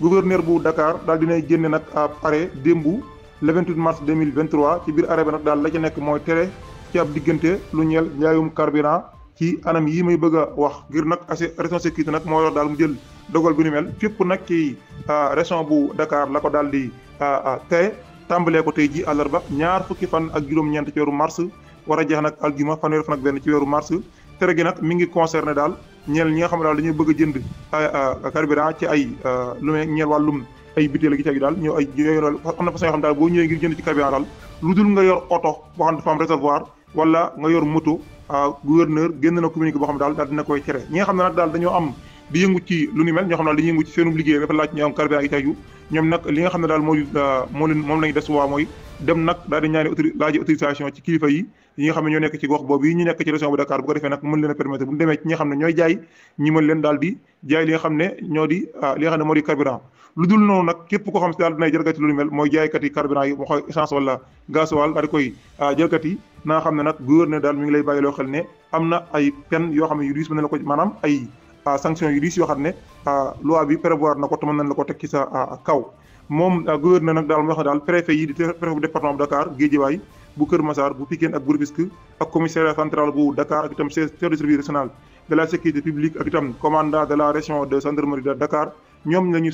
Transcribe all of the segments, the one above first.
gouverneur bu Dakar daal dinay génne nag ab arrêt démbu le 28 mars 2023 ci biir arrêt ba nag daal la ci nekk mooy tere ci ab diggante lu ñeel njaayum carburant ci anam yi may bëgg a wax ngir nag assez région sécurité nag moo yor daal mu jël dogal bu ni mel fépp nag ci euh, région bu Dakar la ko daal di euh, tere tàmbalee ko tey ji àllarba ñaar fukki fan ak juróom-ñeent ci weeru mars war a jeex nag aljuma fanweer fan ak benn ci weeru mars tere gi nag mi ngi concerné daal ñeel ñi nga xam ne daal dañoo bëgg a jënd ah, carburant ci ay ah, lu me ñeel wàllum ay butéel gi teg daal ñëw ay am na façon yoo xam daal boo ñëwee ngir jënd ci carburant daal lu dul nga yor oto boo xam ne dafa am réservoir wala nga yor moto ah, gouverneur génn na communiqué boo xam daal daal dina koy tere ñi nga xam ne nag daal dañoo am di yëngu ci lu ni mel ñoo xam ne daal dañuy yëngu ci seenum liggéey dafa laaj ñu am carburant gi teg ñoom nag li nga xam ne daal moo euh, moo leen moom la ñu des waa mooy dem nag daal di ñaani autori ci kilifa yi yi nga xam ne ñoo nekk ci gox yi ñu nekk ci région bu Dakar bu ko defee nag mën leen a permettre bu ñu demee xam ne ñooy jaay ñi mën leen daal di jaay li nga xam ne ñoo euh, li nga xam ne moo carburant lu dul noonu nag képp ko xam daal dinay jëlgati lu mel mooy jaaykat yi carburant yi moo essence wala gasoil daal koy euh, jëlkat yi na nga xam ne nag gouverneur daal mi ngi lay bàyyi loo xel ne am na ay pen yoo xam ne yu diis mën ay sanction yu riis yoo xam ne loi bi prévoir na ko te mën nañ la ko teg ci sa kaw moom gouverneur nag daal moo wax ne daal préfet yi di préfet bu département bu Dakar Guédiawaye bu Kër Massar bu Pikine ak bu Rufisque ak commissariat central bu Dakar ak itam chef de service régional de la sécurité publique ak itam commandant de la région de gendarmerie de Dakar ñoom la ñu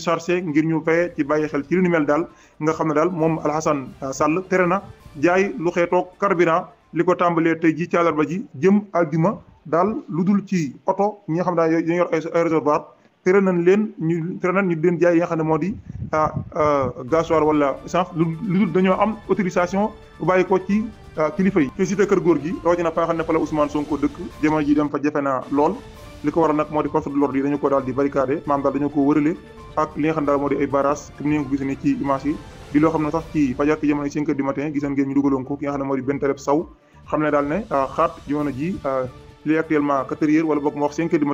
ngir ñu fayee ci bàyyi xel ci lu ni mel daal nga xam ne daal moom Alhassane Sall tere na jaay lu xeetoog carburant li ko tàmbalee tey ji ci àllarba ji jëm àjjuma daal lu dul ci oto ñi nga xam ne dañu yor ay réservoir tere nañ leen ñu tere nañ ñu leen jaay yi xam ne moo di ah, ah, gasoil wala essence lu dul dañoo am autorisation bu bàyyi ko ci ah, kilifa yi. fi cité kër góor gi rawatina fa nga xam ne fa la Ousmane Sonko dëkk jamono ji dem fa jafe lool li ko waral nag moo di force de l'ordre yi dañu ko daal di barricadé maam daal dañu ko wërale ak li nga xam ne daal moo di ay barrage comme ne daal ne xaat jamono ji li est actuellement quatre heures wala boog moo wax cinq heures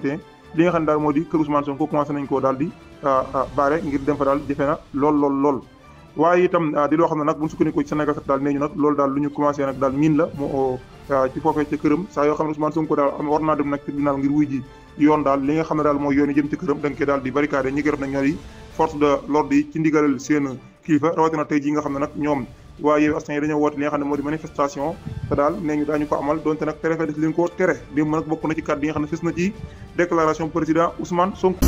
li nga xam ne daal moo di kër Ousmane Sonko commencé nañ koo daal di euh, euh, baare ngir dem fa daal jafe na lool lool lool waaye itam euh, di loo xam ne nag buñ sukkandikoo ci Sénégal sax daal nee ñu nag loolu daal lu ñu commencé nag daal miin la mu ci foofee ca këram saa yoo xam ne Ousmane Sonko daal war naa dem nag tribunal ngir wuy ji yoon daal li nga xam ne daal mooy yoon yi jëm ci këram da di barricade ñi gërëm nag ñooy force de l'ordre yi ci ndigalal seen kilifa xam ne nag ñoom waa Yewwi Askan Wi woote li ne moo di manifestation te daal nee ñu daañu ko amal donte nag préfet daf leen ko tere démb nag bokk na ci kàddu yi nga ne fës na ci déclaration président Ousmane Sonko.